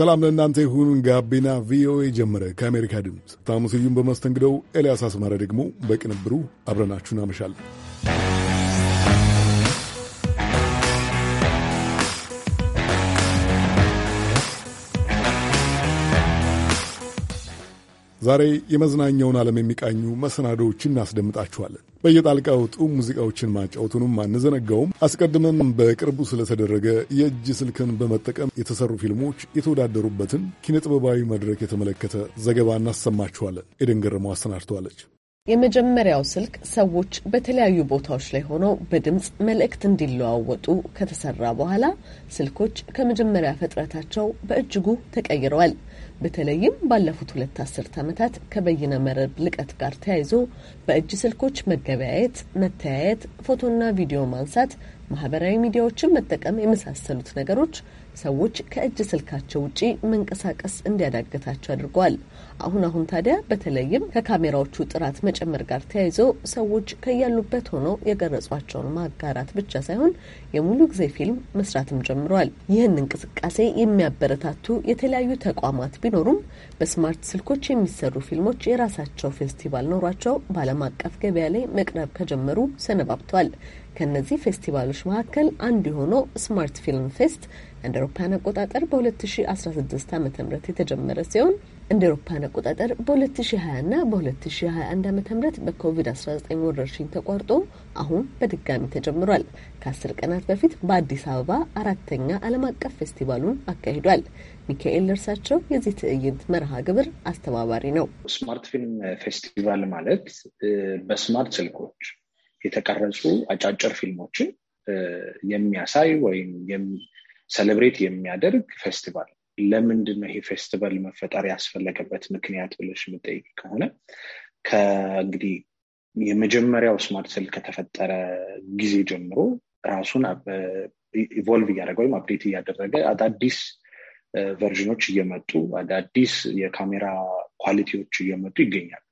ሰላም ለእናንተ ይሁን። ጋቢና ቪኦኤ ጀመረ። ከአሜሪካ ድምፅ ታሙ ስዩም በመስተንግደው፣ ኤልያስ አስማረ ደግሞ በቅንብሩ አብረናችሁ እናመሻለን። ዛሬ የመዝናኛውን ዓለም የሚቃኙ መሰናዶዎችን እናስደምጣችኋለን። በየጣልቃ ወጡ ሙዚቃዎችን ማጫወቱንም አንዘነጋውም። አስቀድመን በቅርቡ ስለተደረገ የእጅ ስልክን በመጠቀም የተሰሩ ፊልሞች የተወዳደሩበትን ኪነጥበባዊ መድረክ የተመለከተ ዘገባ እናሰማችኋለን። ኤደን ገረመው አሰናድተዋለች። የመጀመሪያው ስልክ ሰዎች በተለያዩ ቦታዎች ላይ ሆነው በድምፅ መልእክት እንዲለዋወጡ ከተሰራ በኋላ ስልኮች ከመጀመሪያ ፍጥረታቸው በእጅጉ ተቀይረዋል። በተለይም ባለፉት ሁለት አስርት ዓመታት ከበይነ መረብ ልቀት ጋር ተያይዞ በእጅ ስልኮች መገበያየት፣ መተያየት፣ ፎቶና ቪዲዮ ማንሳት፣ ማህበራዊ ሚዲያዎችን መጠቀም የመሳሰሉት ነገሮች ሰዎች ከእጅ ስልካቸው ውጪ መንቀሳቀስ እንዲያዳግታቸው አድርጓል። አሁን አሁን ታዲያ በተለይም ከካሜራዎቹ ጥራት መጨመር ጋር ተያይዞ ሰዎች ከያሉበት ሆነው የቀረጿቸውን ማጋራት ብቻ ሳይሆን የሙሉ ጊዜ ፊልም መስራትም ጀምሯል። ይህን እንቅስቃሴ የሚያበረታቱ የተለያዩ ተቋማት ቢኖሩም በስማርት ስልኮች የሚሰሩ ፊልሞች የራሳቸው ፌስቲቫል ኖሯቸው በዓለም አቀፍ ገበያ ላይ መቅረብ ከጀመሩ ሰነባብቷል። ከነዚህ ፌስቲቫሎች መካከል አንዱ የሆነው ስማርት ፊልም ፌስት እንደ አውሮፓውያን አቆጣጠር በ2016 ዓ ም የተጀመረ ሲሆን እንደ አውሮፓውያን አቆጣጠር በ2020 እና በ2021 ዓ ም በኮቪድ-19 ወረርሽኝ ተቋርጦ አሁን በድጋሚ ተጀምሯል። ከአስር ቀናት በፊት በአዲስ አበባ አራተኛ ዓለም አቀፍ ፌስቲቫሉን አካሂዷል። ሚካኤል ደርሳቸው የዚህ ትዕይንት መርሃ ግብር አስተባባሪ ነው። ስማርት ፊልም ፌስቲቫል ማለት በስማርት ስልኮች የተቀረጹ አጫጭር ፊልሞችን የሚያሳይ ወይም ሰለብሬት የሚያደርግ ፌስቲቫል ለምንድን ነው ይሄ ፌስቲቫል መፈጠር ያስፈለገበት ምክንያት ብለሽ የምጠይቅ ከሆነ ከእንግዲህ የመጀመሪያው ስማርት ስል ከተፈጠረ ጊዜ ጀምሮ ራሱን ኢቮልቭ እያደረገ ወይም አፕዴት እያደረገ አዳዲስ ቨርዥኖች እየመጡ አዳዲስ የካሜራ ኳሊቲዎች እየመጡ ይገኛሉ።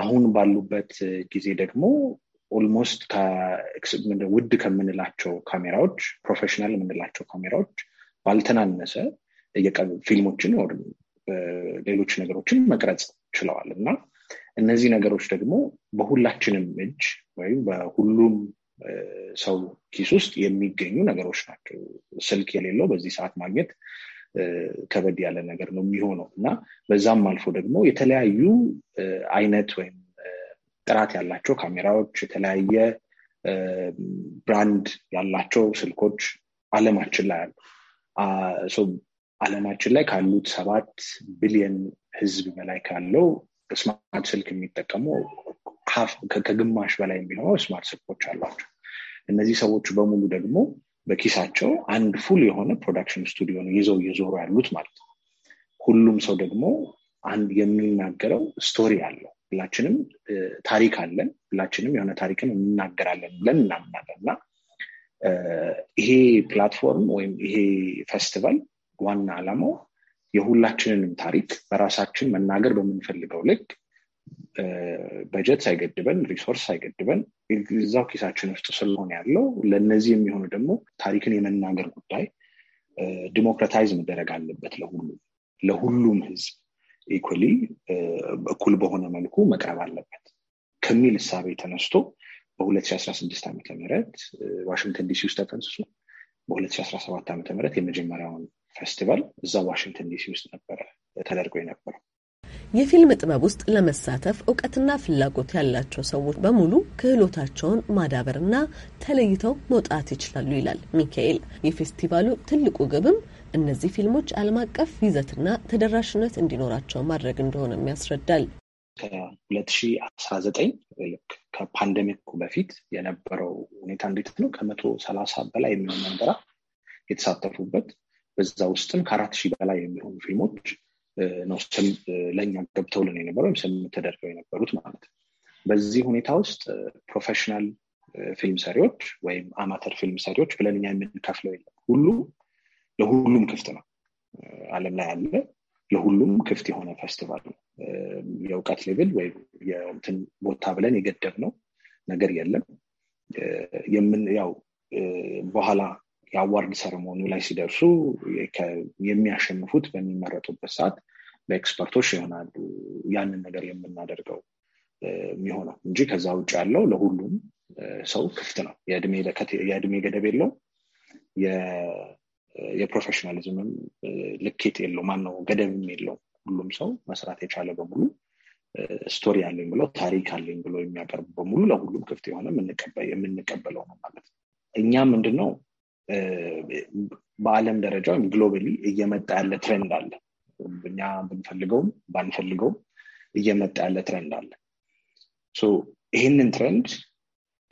አሁን ባሉበት ጊዜ ደግሞ ኦልሞስት ውድ ከምንላቸው ካሜራዎች ፕሮፌሽናል የምንላቸው ካሜራዎች ባልተናነሰ ፊልሞችን ሌሎች ነገሮችን መቅረጽ ችለዋል እና እነዚህ ነገሮች ደግሞ በሁላችንም እጅ ወይም በሁሉም ሰው ኪስ ውስጥ የሚገኙ ነገሮች ናቸው። ስልክ የሌለው በዚህ ሰዓት ማግኘት ከበድ ያለ ነገር ነው የሚሆነው እና በዛም አልፎ ደግሞ የተለያዩ አይነት ወይም ጥራት ያላቸው ካሜራዎች፣ የተለያየ ብራንድ ያላቸው ስልኮች አለማችን ላይ አሉ። አለማችን ላይ ካሉት ሰባት ቢሊየን ህዝብ በላይ ካለው ስማርት ስልክ የሚጠቀሙ ከግማሽ በላይ የሚሆነው ስማርት ስልኮች አሏቸው። እነዚህ ሰዎች በሙሉ ደግሞ በኪሳቸው አንድ ፉል የሆነ ፕሮዳክሽን ስቱዲዮ ነው ይዘው እየዞሩ ያሉት ማለት ነው። ሁሉም ሰው ደግሞ አንድ የሚናገረው ስቶሪ አለው። ሁላችንም ታሪክ አለን፣ ሁላችንም የሆነ ታሪክን እንናገራለን ብለን እናምናለን እና ይሄ ፕላትፎርም ወይም ይሄ ፌስቲቫል ዋና አላማው የሁላችንንም ታሪክ በራሳችን መናገር በምንፈልገው ልክ በጀት ሳይገድበን ሪሶርስ ሳይገድበን እዛው ኪሳችን ውስጥ ስለሆነ ያለው ለእነዚህ የሚሆኑ ደግሞ ታሪክን የመናገር ጉዳይ ዲሞክራታይዝ መደረግ አለበት ለሁሉም ለሁሉም ህዝብ ኢኩሊ እኩል በሆነ መልኩ መቅረብ አለበት ከሚል እሳቤ ተነስቶ በ2016 ዓ ም ዋሽንግተን ዲሲ ውስጥ ተጠንስሶ በ2017 ዓ ም የመጀመሪያውን ፌስቲቫል እዛ ዋሽንግተን ዲሲ ውስጥ ነበረ ተደርጎ የነበረው። የፊልም ጥበብ ውስጥ ለመሳተፍ እውቀትና ፍላጎት ያላቸው ሰዎች በሙሉ ክህሎታቸውን ማዳበርና ተለይተው መውጣት ይችላሉ ይላል ሚካኤል። የፌስቲቫሉ ትልቁ ግብም እነዚህ ፊልሞች ዓለም አቀፍ ይዘትና ተደራሽነት እንዲኖራቸው ማድረግ እንደሆነም ያስረዳል። ከ2019 ልክ ከፓንደሚኩ በፊት የነበረው ሁኔታ እንዴት ነው? ከመቶ ሰላሳ በላይ የሚሆን መንበራ የተሳተፉበት በዛ ውስጥም ከአራት ሺህ በላይ የሚሆኑ ፊልሞች ነው ለእኛ ገብተውልን የነበረው ወይም ስም ተደርገው የነበሩት ማለት ነው። በዚህ ሁኔታ ውስጥ ፕሮፌሽናል ፊልም ሰሪዎች ወይም አማተር ፊልም ሰሪዎች ብለን እኛ የምንከፍለው የለም። ሁሉ ለሁሉም ክፍት ነው። ዓለም ላይ ያለ ለሁሉም ክፍት የሆነ ፌስቲቫል ነው። የእውቀት ሌቭል ወይም የእንትን ቦታ ብለን የገደብ ነው ነገር የለም። የምን ያው በኋላ የአዋርድ ሰርሞኒ ላይ ሲደርሱ የሚያሸንፉት በሚመረጡበት ሰዓት በኤክስፐርቶች ይሆናሉ ያንን ነገር የምናደርገው የሚሆነው እንጂ ከዛ ውጭ ያለው ለሁሉም ሰው ክፍት ነው። የእድሜ ገደብ የለው። የፕሮፌሽናሊዝምም ልኬት የለው ማነው ገደብም የለው። ሁሉም ሰው መስራት የቻለ በሙሉ ስቶሪ አለኝ ብለው ታሪክ አለኝ ብለው የሚያቀርቡ በሙሉ ለሁሉም ክፍት የሆነ የምንቀበለው ነው ማለት ነው። እኛ ምንድነው በአለም ደረጃ ወይም ግሎባሊ እየመጣ ያለ ትሬንድ አለ። እኛ ብንፈልገውም ባንፈልገውም እየመጣ ያለ ትሬንድ አለ። ይህንን ትሬንድ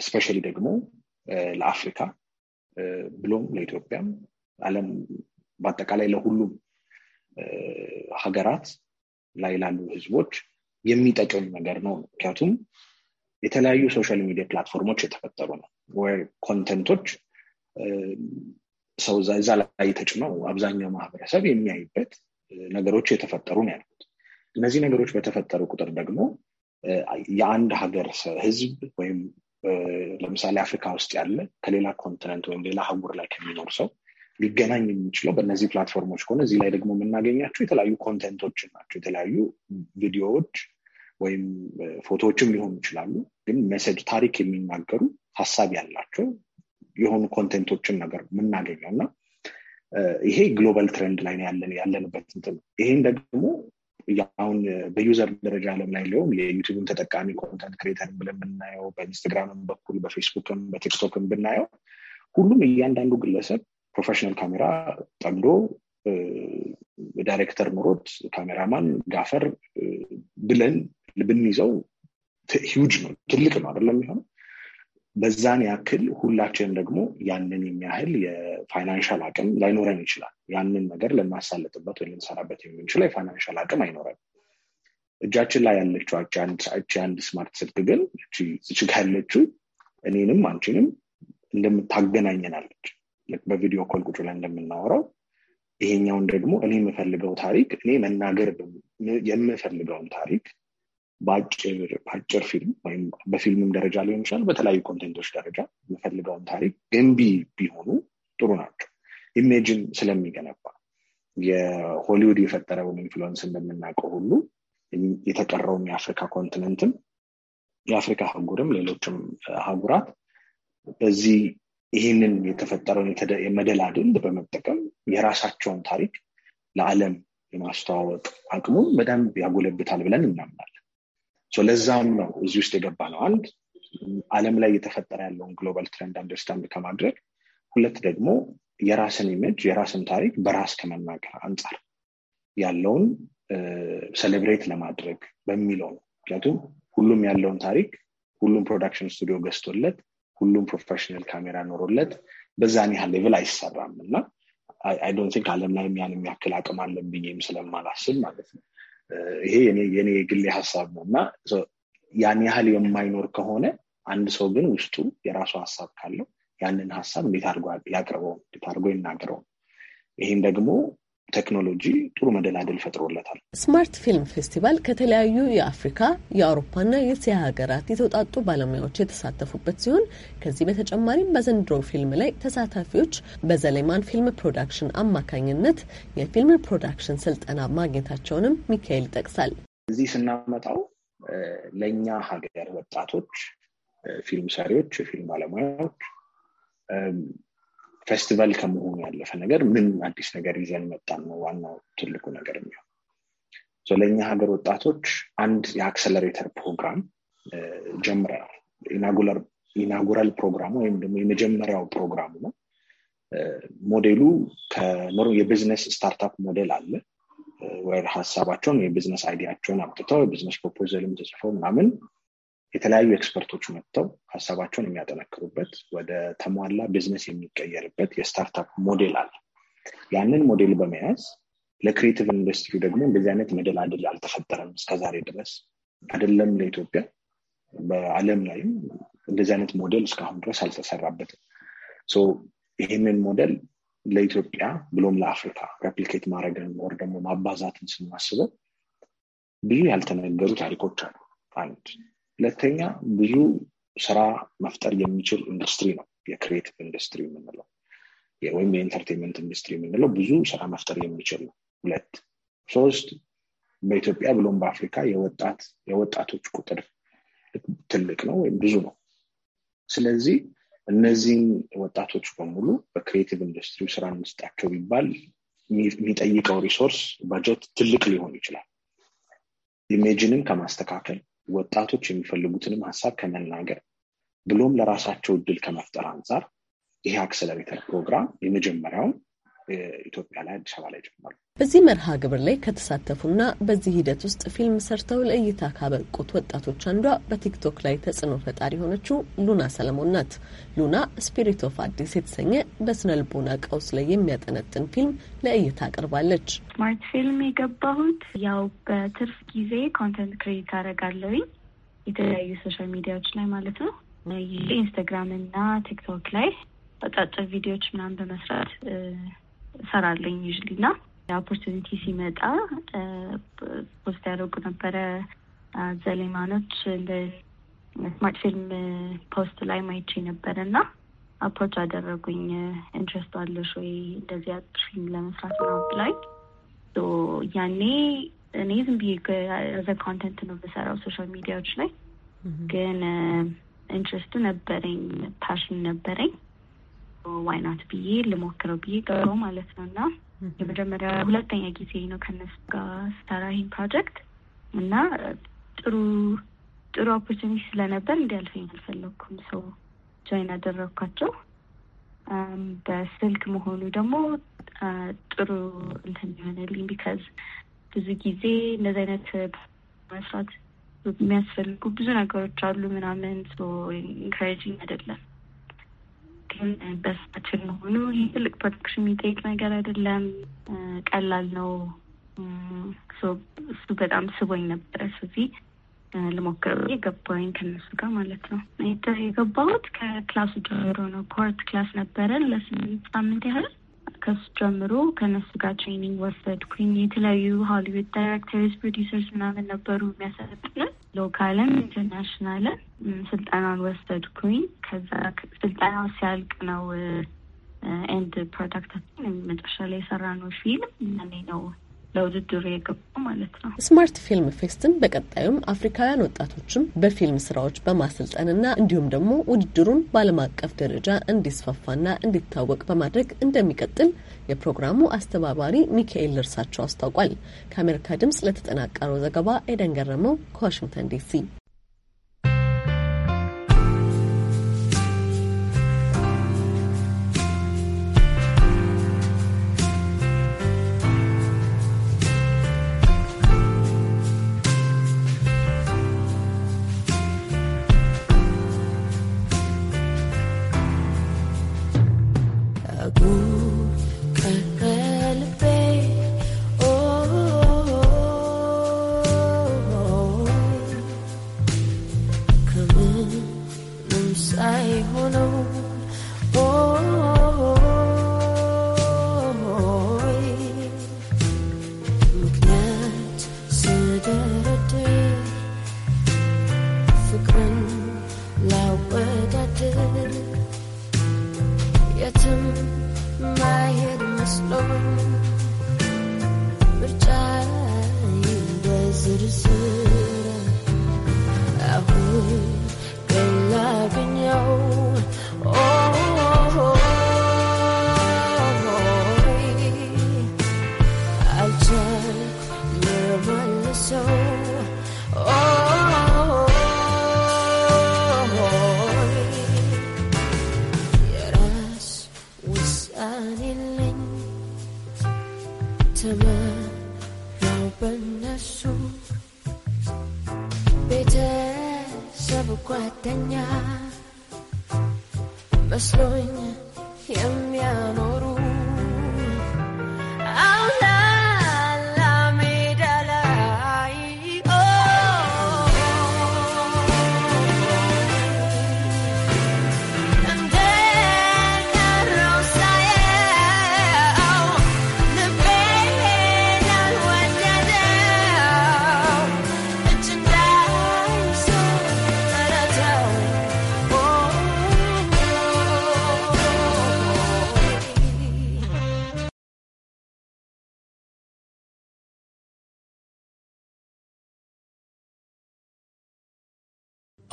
ስፔሻሊ ደግሞ ለአፍሪካ ብሎም ለኢትዮጵያም ዓለም በአጠቃላይ ለሁሉም ሀገራት ላይ ላሉ ህዝቦች የሚጠቅም ነገር ነው። ምክንያቱም የተለያዩ ሶሻል ሚዲያ ፕላትፎርሞች የተፈጠሩ ነው ወይ ኮንተንቶች ሰው እዛ ላይ ተጭነው አብዛኛው ማህበረሰብ የሚያይበት ነገሮች የተፈጠሩ ነው ያሉት። እነዚህ ነገሮች በተፈጠሩ ቁጥር ደግሞ የአንድ ሀገር ህዝብ ወይም ለምሳሌ አፍሪካ ውስጥ ያለ ከሌላ ኮንቲነንት ወይም ሌላ አህጉር ላይ ከሚኖር ሰው ሊገናኝ የሚችለው በእነዚህ ፕላትፎርሞች ከሆነ እዚህ ላይ ደግሞ የምናገኛቸው የተለያዩ ኮንቴንቶችን ናቸው። የተለያዩ ቪዲዮዎች ወይም ፎቶዎችም ሊሆኑ ይችላሉ። ግን መሰጅ፣ ታሪክ የሚናገሩ ሀሳብ ያላቸው የሆኑ ኮንቴንቶችን ነገር የምናገኘው እና ይሄ ግሎባል ትሬንድ ላይ ያለንበት እንትን ይሄን ደግሞ አሁን በዩዘር ደረጃ ዓለም ላይ ሊሆን የዩቲዩብን ተጠቃሚ ኮንተንት ክሬተርን ብለን ብናየው በኢንስታግራምም በኩል በፌስቡክም በቲክቶክም ብናየው ሁሉም እያንዳንዱ ግለሰብ ፕሮፌሽናል ካሜራ ጠምዶ ዳይሬክተር ኑሮት ካሜራማን ጋፈር ብለን ብንይዘው ሂውጅ ነው፣ ትልቅ ነው አይደለም የሚሆነው። በዛን ያክል ሁላችንም ደግሞ ያንን የሚያህል የፋይናንሻል አቅም ላይኖረን ይችላል። ያንን ነገር ልናሳልጥበት ወይ ልንሰራበት የምንችለው የፋይናንሻል አቅም አይኖረን። እጃችን ላይ ያለችው እቺ አንድ ስማርት ስልክ ግን እቺ ያለችው እኔንም አንቺንም እንደምታገናኘናለች በቪዲዮ ኮል ቁጭ ላይ እንደምናወራው ይሄኛውን ደግሞ እኔ የምፈልገው ታሪክ እኔ መናገር የምፈልገውን ታሪክ በአጭር ፊልም ወይም በፊልምም ደረጃ ሊሆን ይችላል። በተለያዩ ኮንቴንቶች ደረጃ የምፈልገውን ታሪክ ገንቢ ቢሆኑ ጥሩ ናቸው። ኢሜጅን ስለሚገነባ የሆሊውድ የፈጠረውን ኢንፍሉንስ እንደምናውቀው ሁሉ የተቀረውን የአፍሪካ ኮንቲነንትም የአፍሪካ ህጉርም ሌሎችም ሀጉራት በዚህ ይህንን የተፈጠረውን የመደላድል በመጠቀም የራሳቸውን ታሪክ ለዓለም የማስተዋወቅ አቅሙን በደንብ ያጎለብታል ብለን እናምናለን። ለዛም ነው እዚህ ውስጥ የገባ ነው። አንድ ዓለም ላይ እየተፈጠረ ያለውን ግሎባል ትሬንድ አንደርስታንድ ከማድረግ፣ ሁለት ደግሞ የራስን ኢሜጅ የራስን ታሪክ በራስ ከመናገር አንጻር ያለውን ሴሌብሬት ለማድረግ በሚለው ነው። ምክንያቱም ሁሉም ያለውን ታሪክ ሁሉም ፕሮዳክሽን ስቱዲዮ ገዝቶለት ሁሉም ፕሮፌሽናል ካሜራ ኖሮለት በዛን ያህል ሌቭል አይሰራም እና አይ ዶንት ቲንክ ላይ ያን የሚያክል አቅም አለን ብዬም ስለማላስብ ማለት ነው። ይሄ የኔ የግሌ ሀሳብ ነው እና ያን ያህል የማይኖር ከሆነ አንድ ሰው ግን ውስጡ የራሱ ሀሳብ ካለው ያንን ሀሳብ እንዴት አድርጎ ያቅርበው፣ እንዴት አድርጎ ይናገረው። ይህም ደግሞ ቴክኖሎጂ ጥሩ መደላደል ፈጥሮለታል። ስማርት ፊልም ፌስቲቫል ከተለያዩ የአፍሪካ የአውሮፓና የእስያ ሀገራት የተውጣጡ ባለሙያዎች የተሳተፉበት ሲሆን ከዚህ በተጨማሪም በዘንድሮ ፊልም ላይ ተሳታፊዎች በዘሌማን ፊልም ፕሮዳክሽን አማካኝነት የፊልም ፕሮዳክሽን ስልጠና ማግኘታቸውንም ሚካኤል ይጠቅሳል። እዚህ ስናመጣው ለእኛ ሀገር ወጣቶች ፊልም ሰሪዎች፣ የፊልም ባለሙያዎች ፌስቲቫል ከመሆኑ ያለፈ ነገር ምን አዲስ ነገር ይዘን መጣን ነው ዋናው ትልቁ ነገር የሚሆን ለእኛ ሀገር ወጣቶች አንድ የአክሰለሬተር ፕሮግራም ጀምረናል። ኢናጉራል ፕሮግራሙ ወይም ደግሞ የመጀመሪያው ፕሮግራሙ ነው። ሞዴሉ የቢዝነስ ስታርታፕ ሞዴል አለ ወይ ሀሳባቸውን የቢዝነስ አይዲያቸውን አምጥተው የቢዝነስ ፕሮፖዘልም ተጽፎ ምናምን የተለያዩ ኤክስፐርቶች መጥተው ሀሳባቸውን የሚያጠነክሩበት ወደ ተሟላ ቢዝነስ የሚቀየርበት የስታርታፕ ሞዴል አለ። ያንን ሞዴል በመያዝ ለክሪኤቲቭ ኢንዱስትሪ ደግሞ እንደዚህ አይነት አድል አልተፈጠረም እስከዛሬ ድረስ አይደለም ለኢትዮጵያ በአለም ላይም እንደዚህ አይነት ሞዴል እስካሁን ድረስ አልተሰራበትም። ይህንን ሞዴል ለኢትዮጵያ ብሎም ለአፍሪካ ሬፕሊኬት ማድረግን ወር ደግሞ ማባዛትን ስናስበው ብዙ ያልተነገሩ ታሪኮች አሉ። አንድ ሁለተኛ ብዙ ስራ መፍጠር የሚችል ኢንዱስትሪ ነው የክሬቲቭ ኢንዱስትሪ የምንለው ወይም የኢንተርቴንመንት ኢንዱስትሪ የምንለው ብዙ ስራ መፍጠር የሚችል ነው። ሁለት ሶስት በኢትዮጵያ ብሎም በአፍሪካ የወጣቶች ቁጥር ትልቅ ነው ወይም ብዙ ነው። ስለዚህ እነዚህን ወጣቶች በሙሉ በክሬቲቭ ኢንዱስትሪ ስራ እንስጣቸው ቢባል የሚጠይቀው ሪሶርስ በጀት ትልቅ ሊሆን ይችላል። ኢሜጅንን ከማስተካከል ወጣቶች የሚፈልጉትንም ሀሳብ ከመናገር ብሎም ለራሳቸው እድል ከመፍጠር አንጻር ይሄ አክሰለሬተር ፕሮግራም የመጀመሪያውን ኢትዮጵያ ላይ አዲስ አበባ ላይ ጀምሯል። በዚህ መርሃ ግብር ላይ ከተሳተፉና በዚህ ሂደት ውስጥ ፊልም ሰርተው ለእይታ ካበቁት ወጣቶች አንዷ በቲክቶክ ላይ ተጽዕኖ ፈጣሪ የሆነችው ሉና ሰለሞን ናት። ሉና ስፒሪት ኦፍ አዲስ የተሰኘ በስነ ልቦና ቀውስ ላይ የሚያጠነጥን ፊልም ለእይታ አቅርባለች። ስማርት ፊልም የገባሁት ያው በትርፍ ጊዜ ኮንተንት ክሬት አደርጋለሁኝ የተለያዩ ሶሻል ሚዲያዎች ላይ ማለት ነው። ኢንስታግራም እና ቲክቶክ ላይ አጫጭር ቪዲዮዎች ምናምን በመስራት ሰራለኝ ዩዝሊ ና ኦፖርቹኒቲ ሲመጣ ፖስት ያደረጉ ነበረ ዘሌማኖች እንደ ስማርት ፊልም ፖስት ላይ ማይቼ ነበረ እና አፕሮች አደረጉኝ። ኢንትረስት አለሽ ወይ እንደዚህ አጭር ፊልም ለመስራት ነው ላይ ያኔ እኔ ዝም ብዬ ዘ ኮንተንት ነው በሰራው ሶሻል ሚዲያዎች ላይ ግን ኢንትረስቱ ነበረኝ፣ ፓሽን ነበረኝ። ዋይናት ብዬ ልሞክረው ብዬ ቀሮ ማለት ነው እና የመጀመሪያ ሁለተኛ ጊዜ ነው ከነሱ ጋር ስታራ ይህን ፕሮጀክት እና ጥሩ ጥሩ ኦፖርቹኒቲ ስለነበር እንዲያልፈኝ አልፈለግኩም። ሰው ጆይን አደረግኳቸው። በስልክ መሆኑ ደግሞ ጥሩ እንትን ይሆነልኝ ቢካዝ ብዙ ጊዜ እንደዚህ አይነት መስራት የሚያስፈልጉ ብዙ ነገሮች አሉ ምናምን ኢንካሬጂንግ አይደለም። ግን በስታችን መሆኑ ይህ ትልቅ ፕሮቴክሽን የሚጠይቅ ነገር አይደለም፣ ቀላል ነው። እሱ በጣም ስቦኝ ነበረ። ስለዚህ ልሞክረው የገባኝ ከነሱ ጋር ማለት ነው። የገባሁት ከክላሱ ጀምሮ ነው። ኮርት ክላስ ነበረ ለስምንት ሳምንት ያህል ከሱ ጀምሮ ከነሱ ጋር ትሬኒንግ ወሰድኩኝ። የተለያዩ ሆሊውድ ዳይሬክተርስ፣ ፕሮዲሰርስ ምናምን ነበሩ የሚያሰለጥኑን። ሎካልም ኢንተርናሽናልም ስልጠናን ወሰድኩኝ። ከዛ ስልጠናው ሲያልቅ ነው ኤንድ ፕሮዳክታችን መጨረሻ ላይ የሰራነው ፊልም ያኔ ነው ለውድድሩ የገባው ማለት ነው። ስማርት ፊልም ፌስትን በቀጣዩም አፍሪካውያን ወጣቶችም በፊልም ስራዎች በማሰልጠንና እንዲሁም ደግሞ ውድድሩን በዓለም አቀፍ ደረጃ እንዲስፋፋና እንዲታወቅ በማድረግ እንደሚቀጥል የፕሮግራሙ አስተባባሪ ሚካኤል እርሳቸው አስታውቋል። ከአሜሪካ ድምጽ ለተጠናቀረው ዘገባ ኤደን ገረመው ከዋሽንግተን ዲሲ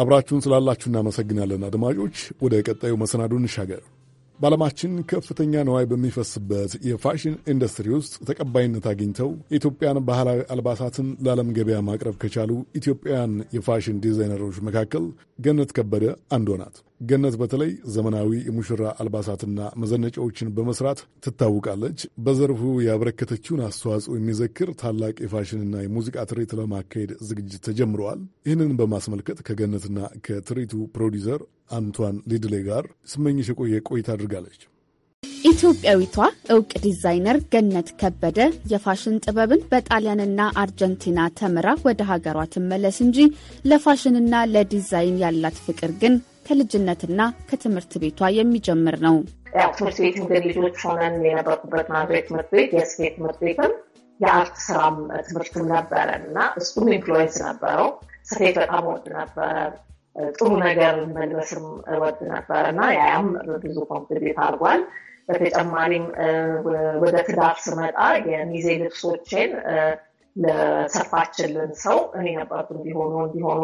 አብራችሁን ስላላችሁ እናመሰግናለን አድማጮች። ወደ ቀጣዩ መሰናዶ እንሻገር። በዓለማችን ከፍተኛ ነዋይ በሚፈስበት የፋሽን ኢንዱስትሪ ውስጥ ተቀባይነት አግኝተው የኢትዮጵያን ባህላዊ አልባሳትን ለዓለም ገበያ ማቅረብ ከቻሉ ኢትዮጵያውያን የፋሽን ዲዛይነሮች መካከል ገነት ከበደ አንዷ ናት። ገነት በተለይ ዘመናዊ የሙሽራ አልባሳትና መዘነጫዎችን በመስራት ትታወቃለች። በዘርፉ ያበረከተችውን አስተዋጽኦ የሚዘክር ታላቅ የፋሽንና የሙዚቃ ትርኢት ለማካሄድ ዝግጅት ተጀምረዋል። ይህንን በማስመልከት ከገነትና ከትርኢቱ ፕሮዲውሰር አንቷን ሊድሌ ጋር ስመኝሽ የቆየ ቆይታ አድርጋለች። ኢትዮጵያዊቷ እውቅ ዲዛይነር ገነት ከበደ የፋሽን ጥበብን በጣሊያንና አርጀንቲና ተምራ ወደ ሀገሯ ትመለስ እንጂ ለፋሽንና ለዲዛይን ያላት ፍቅር ግን ከልጅነትና ከትምህርት ቤቷ የሚጀምር ነው። ያው ትምህርት ቤት እንግዲህ ልጆች ሆነን የነበርኩበት ማድሬት ትምህርት ቤት የስፌ ትምህርት ቤትም የአርት ስራም ትምህርትም ነበረ እና እሱም ኢንፍሉዌንስ ነበረው። ስፌት በጣም ወድ ነበረ። ጥሩ ነገር መልበስም ወድ ነበረ እና ያም ብዙ ኮምፕሊት አድርጓል። በተጨማሪም ወደ ትዳር ስመጣ የሚዜ ልብሶቼን ለሰፋችልን ሰው እኔ ነበርኩ እንዲሆኑ እንዲሆኑ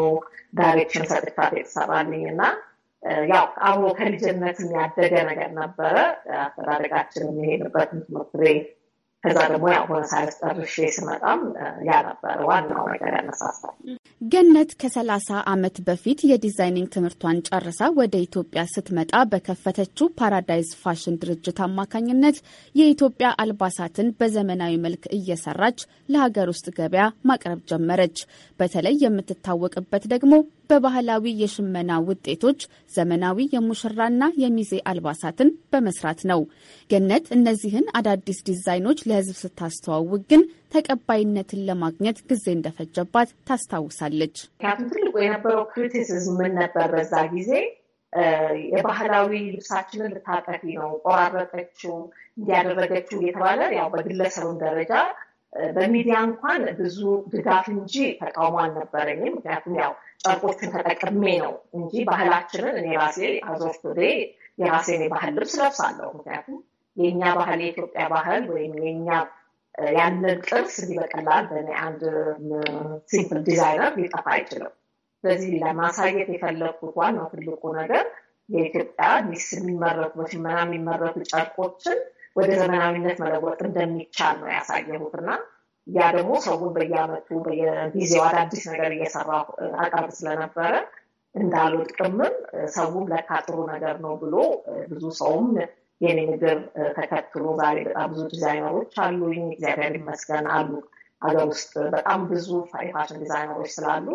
ዳይሬክሽን ሰጥቻት የተሰራልኝ እና ያው አብሮ ከልጅነትም ያደገ ነገር ነበረ። አስተዳደጋችን የሚሄድበት ትምህርት ቤት ከዛ ደግሞ ያው ሳይንስ ጠርሼ ስመጣም ያ ነበር ዋናው ነገር ያነሳሳል። ገነት ከሰላሳ ዓመት በፊት የዲዛይኒንግ ትምህርቷን ጨርሳ ወደ ኢትዮጵያ ስትመጣ በከፈተችው ፓራዳይዝ ፋሽን ድርጅት አማካኝነት የኢትዮጵያ አልባሳትን በዘመናዊ መልክ እየሰራች ለሀገር ውስጥ ገበያ ማቅረብ ጀመረች። በተለይ የምትታወቅበት ደግሞ በባህላዊ የሽመና ውጤቶች ዘመናዊ የሙሽራና የሚዜ አልባሳትን በመስራት ነው። ገነት እነዚህን አዳዲስ ዲዛይኖች ለሕዝብ ስታስተዋውቅ ግን ተቀባይነትን ለማግኘት ጊዜ እንደፈጀባት ታስታውሳለች። ምክንያቱም ትልቁ የነበረው ክሪቲሲዝም ምን ነበር? በዛ ጊዜ የባህላዊ ልብሳችንን ልታጠፊ ነው፣ ቆራረጠችው፣ እንዲያደረገችው የተባለ ያው በግለሰቡን ደረጃ በሚዲያ እንኳን ብዙ ድጋፍ እንጂ ተቃውሞ አልነበረኝም። ምክንያቱም ያው ጨርቆችን ተጠቅሜ ነው እንጂ ባህላችንን እኔ ራሴ አዞፍ ቱዴ የራሴን የባህል ልብስ ለብሳለሁ። ምክንያቱም የእኛ ባህል የኢትዮጵያ ባህል ወይም የኛ ያንን ቅርስ እንዲህ በቀላል በእኔ አንድ ሲምፕል ዲዛይነር ሊጠፋ አይችልም። ስለዚህ ለማሳየት የፈለግኩት ዋናው ትልቁ ነገር የኢትዮጵያ ሚስ የሚመረቱ በሽመና የሚመረቱ ጨርቆችን ወደ ዘመናዊነት መለወጥ እንደሚቻል ነው ያሳየሁት ያ ደግሞ ሰውን በየአመቱ በየጊዜው አዳዲስ ነገር እየሰራ አቀርብ ስለነበረ እንዳልወድቅምም ሰውም ለካ ጥሩ ነገር ነው ብሎ ብዙ ሰውም የኔ ምግብ ተከትሎ ዛሬ በጣም ብዙ ዲዛይነሮች አሉኝ። እግዚአብሔር ይመስገን አሉ። ሀገር ውስጥ በጣም ብዙ ፋሽን ዲዛይነሮች ስላሉ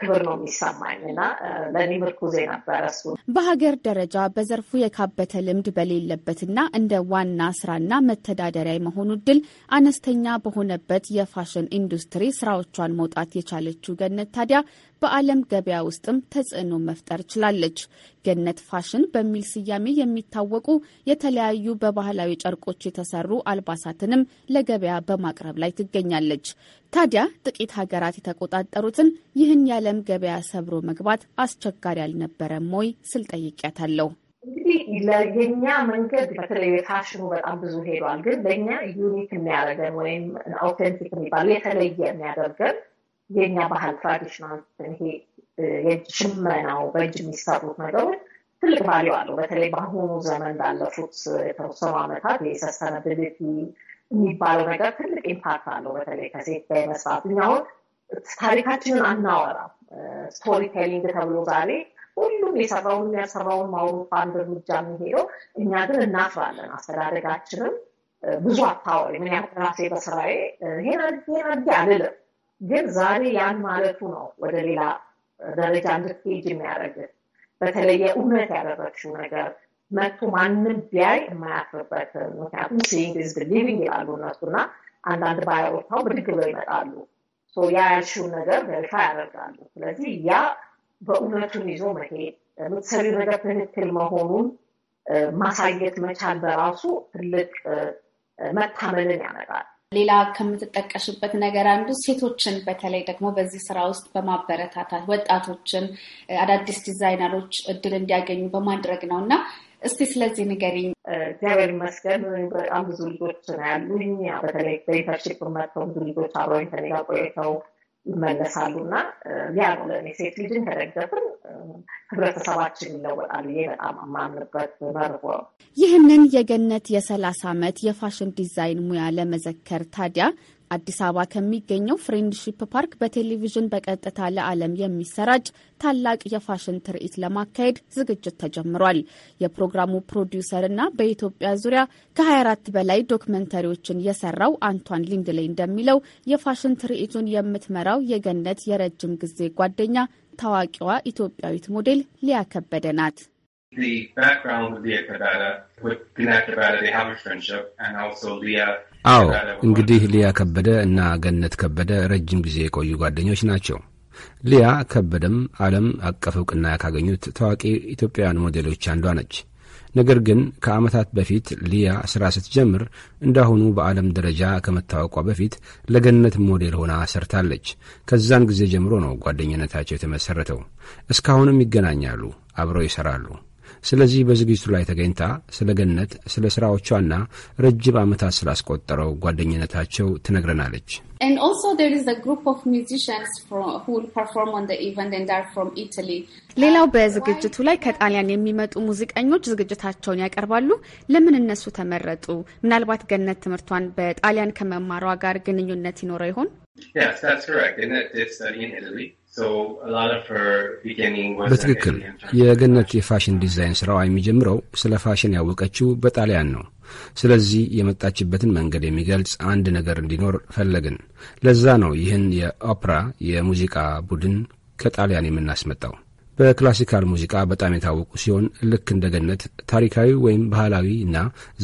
ክብር ነው የሚሰማኝ እና ለእኔ ምርኩዜ ነበረ እሱ። በሀገር ደረጃ በዘርፉ የካበተ ልምድ በሌለበትና እንደ ዋና ስራና መተዳደሪያ የመሆኑ እድል አነስተኛ በሆነበት የፋሽን ኢንዱስትሪ ስራዎቿን መውጣት የቻለችው ገነት ታዲያ በዓለም ገበያ ውስጥም ተጽዕኖ መፍጠር ችላለች። ገነት ፋሽን በሚል ስያሜ የሚታወቁ የተለያዩ በባህላዊ ጨርቆች የተሰሩ አልባሳትንም ለገበያ በማቅረብ ላይ ትገኛለች። ታዲያ ጥቂት ሀገራት የተቆጣጠሩትን ይህን የዓለም ገበያ ሰብሮ መግባት አስቸጋሪ አልነበረም ወይ ስል ጠይቄያታለሁ። እንግዲህ ለየኛ መንገድ በተለይ የፋሽኑ በጣም ብዙ ሄዷል። ግን ለእኛ ዩኒክ የሚያደርገን ወይም አውተንቲክ የሚባለው የተለየ የሚያደርገን የእኛ ባህል ትራዲሽናል ይሄ ሽመናው በእጅ የሚሰሩት ነገሮች ትልቅ ቫሊዩ አለው። በተለይ በአሁኑ ዘመን ባለፉት የተወሰኑ ዓመታት የሰስተነብሊቲ የሚባለው ነገር ትልቅ ኢምፓክት አለው። በተለይ ከሴት ጋር መስራት እኛውን ታሪካችንን አናወራም። ስቶሪ ቴሊንግ ተብሎ ዛሬ ሁሉም የሰራውን የሚያሰራውን ማውሩት በአንድ እርምጃ የሚሄደው እኛ ግን እናፍራለን። አስተዳደጋችንም ብዙ አታወሪ ምን ያህል ራሴ በስራዬ ይሄን አድርጌ አልልም ግን ዛሬ ያን ማለቱ ነው ወደ ሌላ ደረጃ እንድትሄጅ የሚያደርግ በተለየ እውነት ያደረግሽው ነገር መቶ ማንም ቢያይ የማያፍርበት ምክንያቱም ሲንግ ኢዝ ቢሊቪንግ ይላሉ እነሱ እና አንዳንድ ባያወታው ብድግ ብለው ይመጣሉ ያ ያልሽውን ነገር ገርፋ ያደርጋሉ ስለዚህ ያ በእውነቱን ይዞ መሄድ ምትሰሪ ነገር ትክክል መሆኑን ማሳየት መቻል በራሱ ትልቅ መታመንን ያመጣል ሌላ ከምትጠቀሽበት ነገር አንዱ ሴቶችን በተለይ ደግሞ በዚህ ስራ ውስጥ በማበረታታት ወጣቶችን አዳዲስ ዲዛይነሮች እድል እንዲያገኙ በማድረግ ነው እና እስቲ ስለዚህ ንገሪኝ። እግዚአብሔር ይመስገን በጣም ብዙ ልጆች ነው ያሉኝ። በተለይ በኢንተርንሺፕ መጥተው ብዙ ልጆች አብረው ተኔጋ ቆይተው ይመለሳሉ እና ያ ነው ለእኔ ሴት ልጅን ከደገፍን ህብረተሰባችን ይለወጣል። ይህ በጣም የማምንበት መርቦ። ይህንን የገነት የሰላሳ ዓመት የፋሽን ዲዛይን ሙያ ለመዘከር ታዲያ አዲስ አበባ ከሚገኘው ፍሬንድሺፕ ፓርክ በቴሌቪዥን በቀጥታ ለዓለም የሚሰራጭ ታላቅ የፋሽን ትርኢት ለማካሄድ ዝግጅት ተጀምሯል። የፕሮግራሙ ፕሮዲውሰር እና በኢትዮጵያ ዙሪያ ከ24 በላይ ዶክመንተሪዎችን የሰራው አንቷን ሊንድሌይ እንደሚለው የፋሽን ትርኢቱን የምትመራው የገነት የረጅም ጊዜ ጓደኛ ታዋቂዋ ኢትዮጵያዊት ሞዴል ሊያ ከበደ ናት። The background of Leah friendship and also Leah አዎ እንግዲህ ሊያ ከበደ እና ገነት ከበደ ረጅም ጊዜ የቆዩ ጓደኞች ናቸው። ሊያ ከበደም ዓለም አቀፍ እውቅና ካገኙት ታዋቂ ኢትዮጵያውያን ሞዴሎች አንዷ ነች። ነገር ግን ከዓመታት በፊት ሊያ ሥራ ስትጀምር እንዳሁኑ በዓለም ደረጃ ከመታወቋ በፊት ለገነት ሞዴል ሆና ሰርታለች። ከዛን ጊዜ ጀምሮ ነው ጓደኝነታቸው የተመሠረተው። እስካሁንም ይገናኛሉ፣ አብረው ይሠራሉ። ስለዚህ በዝግጅቱ ላይ ተገኝታ ስለ ገነት፣ ስለ ስራዎቿና ረጅም ዓመታት ስላስቆጠረው ጓደኝነታቸው ትነግረናለች። ሌላው በዝግጅቱ ላይ ከጣሊያን የሚመጡ ሙዚቀኞች ዝግጅታቸውን ያቀርባሉ። ለምን እነሱ ተመረጡ? ምናልባት ገነት ትምህርቷን በጣሊያን ከመማሯ ጋር ግንኙነት ይኖረው ይሆን? በትክክል የገነት የፋሽን ዲዛይን ስራዋ የሚጀምረው ስለ ፋሽን ያወቀችው በጣሊያን ነው። ስለዚህ የመጣችበትን መንገድ የሚገልጽ አንድ ነገር እንዲኖር ፈለግን። ለዛ ነው ይህን የኦፕራ የሙዚቃ ቡድን ከጣሊያን የምናስመጣው። በክላሲካል ሙዚቃ በጣም የታወቁ ሲሆን ልክ እንደ ገነት ታሪካዊ ወይም ባህላዊ እና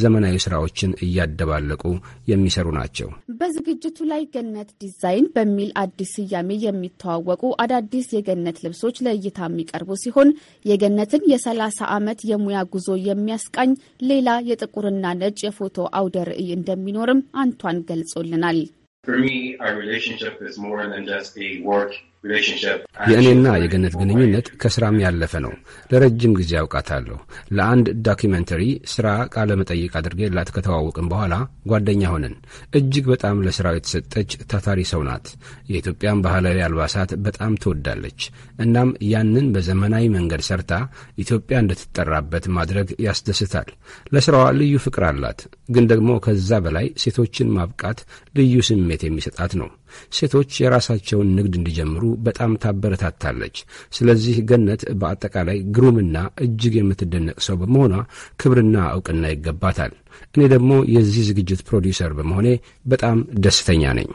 ዘመናዊ ስራዎችን እያደባለቁ የሚሰሩ ናቸው። በዝግጅቱ ላይ ገነት ዲዛይን በሚል አዲስ ስያሜ የሚተዋወቁ አዳዲስ የገነት ልብሶች ለእይታ የሚቀርቡ ሲሆን የገነትን የ30 ዓመት የሙያ ጉዞ የሚያስቃኝ ሌላ የጥቁርና ነጭ የፎቶ አውደ ርዕይ እንደሚኖርም አንቷን ገልጾልናል። የእኔና የገነት ግንኙነት ከስራም ያለፈ ነው። ለረጅም ጊዜ አውቃታለሁ። ለአንድ ዶኪመንተሪ ስራ ቃለ መጠይቅ አድርጌላት ከተዋወቅን በኋላ ጓደኛ ሆነን። እጅግ በጣም ለስራው የተሰጠች ታታሪ ሰው ናት። የኢትዮጵያን ባህላዊ አልባሳት በጣም ትወዳለች። እናም ያንን በዘመናዊ መንገድ ሰርታ ኢትዮጵያ እንደትጠራበት ማድረግ ያስደስታል። ለስራዋ ልዩ ፍቅር አላት። ግን ደግሞ ከዛ በላይ ሴቶችን ማብቃት ልዩ ስሜት የሚሰጣት ነው። ሴቶች የራሳቸውን ንግድ እንዲጀምሩ በጣም ታበረታታለች። ስለዚህ ገነት በአጠቃላይ ግሩምና እጅግ የምትደነቅ ሰው በመሆኗ ክብርና እውቅና ይገባታል። እኔ ደግሞ የዚህ ዝግጅት ፕሮዲውሰር በመሆኔ በጣም ደስተኛ ነኝ።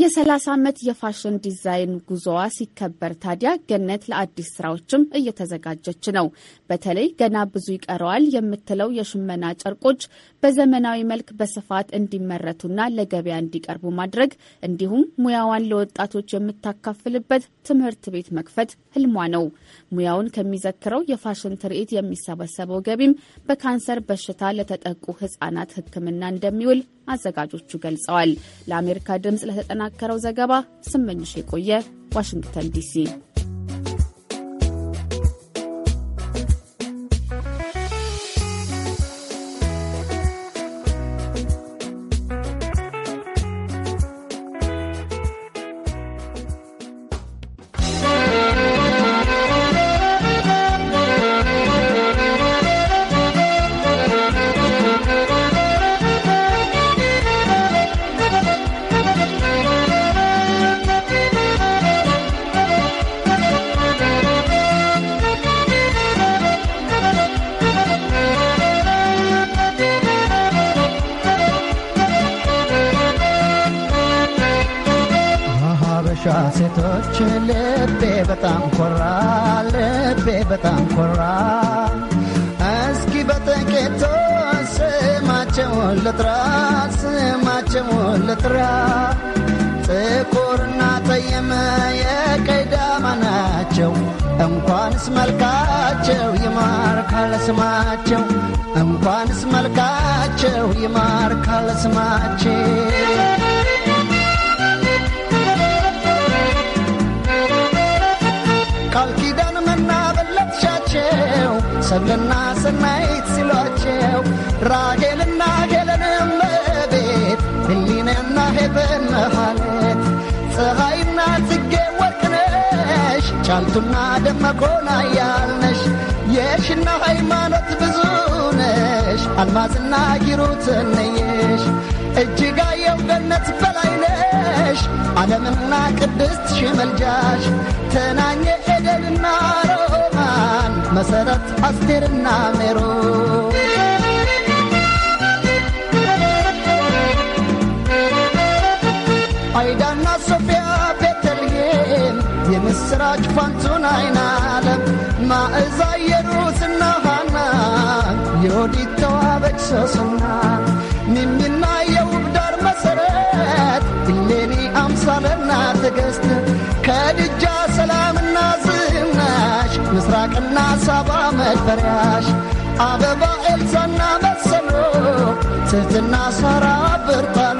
የ30 ዓመት የፋሽን ዲዛይን ጉዞዋ ሲከበር ታዲያ ገነት ለአዲስ ስራዎችም እየተዘጋጀች ነው። በተለይ ገና ብዙ ይቀረዋል የምትለው የሽመና ጨርቆች በዘመናዊ መልክ በስፋት እንዲመረቱና ለገበያ እንዲቀርቡ ማድረግ እንዲሁም ሙያዋን ለወጣቶች የምታካፍልበት ትምህርት ቤት መክፈት ህልሟ ነው። ሙያውን ከሚዘክረው የፋሽን ትርኢት የሚሰበሰበው ገቢም በካንሰር በሽታ ለተጠቁ ህጻናት ሕክምና እንደሚውል አዘጋጆቹ ገልጸዋል። ለአሜሪካ ድምፅ ለተጠናከረው ዘገባ ስመኝሽ የቆየ ዋሽንግተን ዲሲ ሴቶች ልቤ በጣም ኮራ፣ ልቤ በጣም ኮራ። እስኪ በጥቂቱ ስማቸውን ልጥራ፣ ስማቸውን ልጥራ። ጥቁርና ጠየመ የቀይ ዳማ ናቸው። እንኳንስ መልካቸው ይማርካል ስማቸው፣ እንኳንስ መልካቸው ይማርካል ስማቸው ሰብለና በለጥሻቸው ሰብለና ሰናይት ሲሏቸው ራሄልና ሄለንም ቤት ህሊነና ሄበን መሃለት ፀሐይና ጽጌ ወርቅነሽ ጫልቱና ደመቆና ያልነሽ የሽና ሃይማኖት ብዙ ነሽ አልማዝና ጊሩትንየሽ እጅጋየው ገነት በላይነሽ ነሽ ዓለምና ቅድስት ሽመልጃሽ ተናኘ ኤደንና ሮማን መሰረት አስቴርና ሜሮ አይዳና ሶፊያ ቤተልሔም የምሥራች ፋንቱን አይና ዓለም ማእዛ ኢየሩሳሌምና ሃና! የወዲት ተዋበች ሶስና ሚሚና ከድጃ ሰላምና ዝናሽ ምስራቅና ሳባ መድበሪያሽ አበባ ኤልዛና መሰሎ ትህትና ሳራ ብርታሎ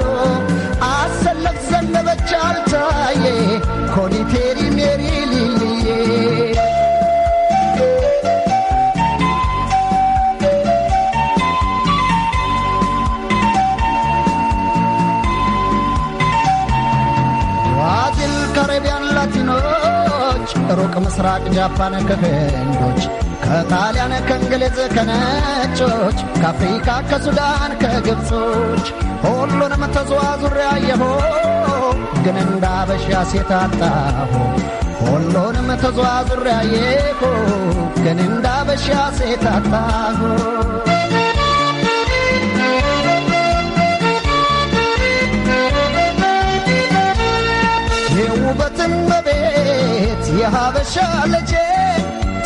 ከጃፓን ከህንዶች ከጣሊያን ከእንግሊዝ ከነጮች ከአፍሪካ ከሱዳን ከግብጾች ሁሉንም ተዘዋዙሬ አየሁ፣ ግን እንደ አበሻ ሴት አጣሁ። ሁሉንም ተዘዋዙሬ አየሁ፣ ግን እንደ አበሻ ሴት አጣሁ። ሴት የሀበሻ ልጄ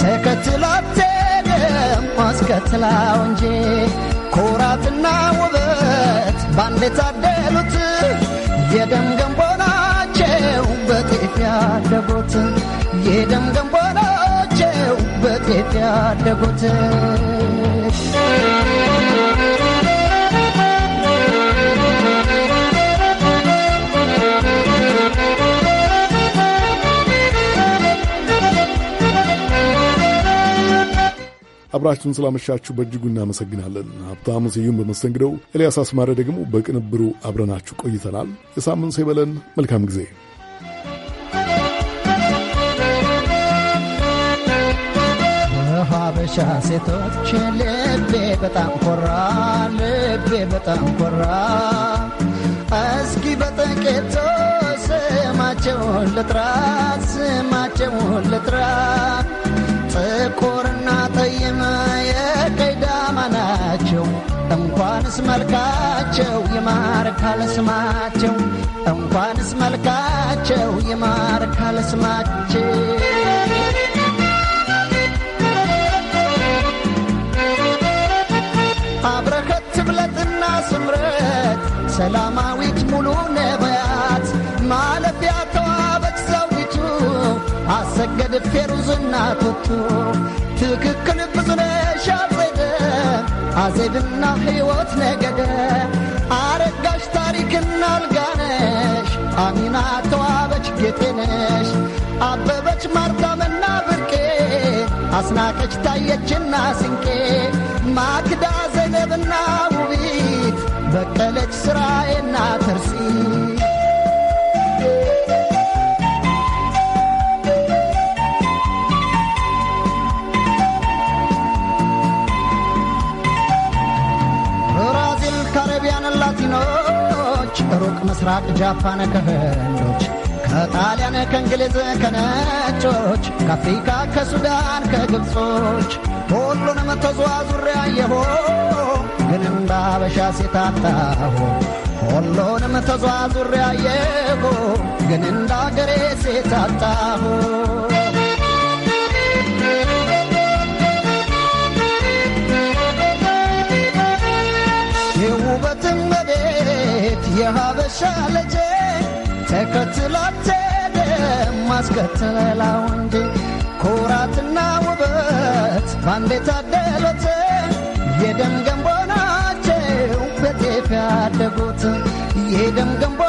ተከትላት ማስከትላው እንጂ ኩራትና ውበት ባንድ የታደሉት የደም ገንቦ በጤፍ ያደጉት የደም በጤፍ ያደጉት አብራችሁን ስላመሻችሁ በእጅጉ እናመሰግናለን። ሀብታሙ ስዩም በመስተንግደው፣ ኤልያስ አስማረ ደግሞ በቅንብሩ አብረናችሁ ቆይተናል። የሳምንት ሰው ይበለን። መልካም ጊዜ ሀበሻ ሴቶች ልቤ በጣም ኮራ ልቤ በጣም ኮራ እስኪ በጥቂቱ ስማቸውን ልጥራ ስማቸውን ልጥራ ጥቁርና ጠይም የቀይዳማ ናቸው። እንኳንስ መልካቸው ይማርካል ስማቸው እንኳንስ መልካቸው ይማርካል ስማቸው ስምረት ሰላማዊት ሙሉ ነበያት ማለፊያ ተዋ አሰገድ ፌሩዝና ቱቱ ትክክል ብዙነሽ አበደ አዜብና ሕይወት ነገደ አረጋሽ ታሪክና አልጋነሽ አሚና ተዋበች ጌጤነሽ አበበች ማርታምና ብርቄ አስናቀች ታየችና ስንቄ ማክዳ ዘነብና ውቢት በቀለች ሥራዬና ተርሲ ከሩቅ ምስራቅ ጃፓን ከህንዶች ከጣሊያን ከእንግሊዝ ከነጮች ከአፍሪካ ከሱዳን ከግብጾች ሁሉንም ዙሪያ የሆ ግንም ባበሻ ሴት አጣሁ። ሁሉንም ዙሪያ አየሆ ግን እንዳገሬ ሴት አጣሁ። የሀበሻ ልጄ ተከትሏት ሄደ ማስከተል ሌላው ኩራትና ውበት ባንዴ ታደሎት የደም በጤፍ ያደጉት የደም ገንቦ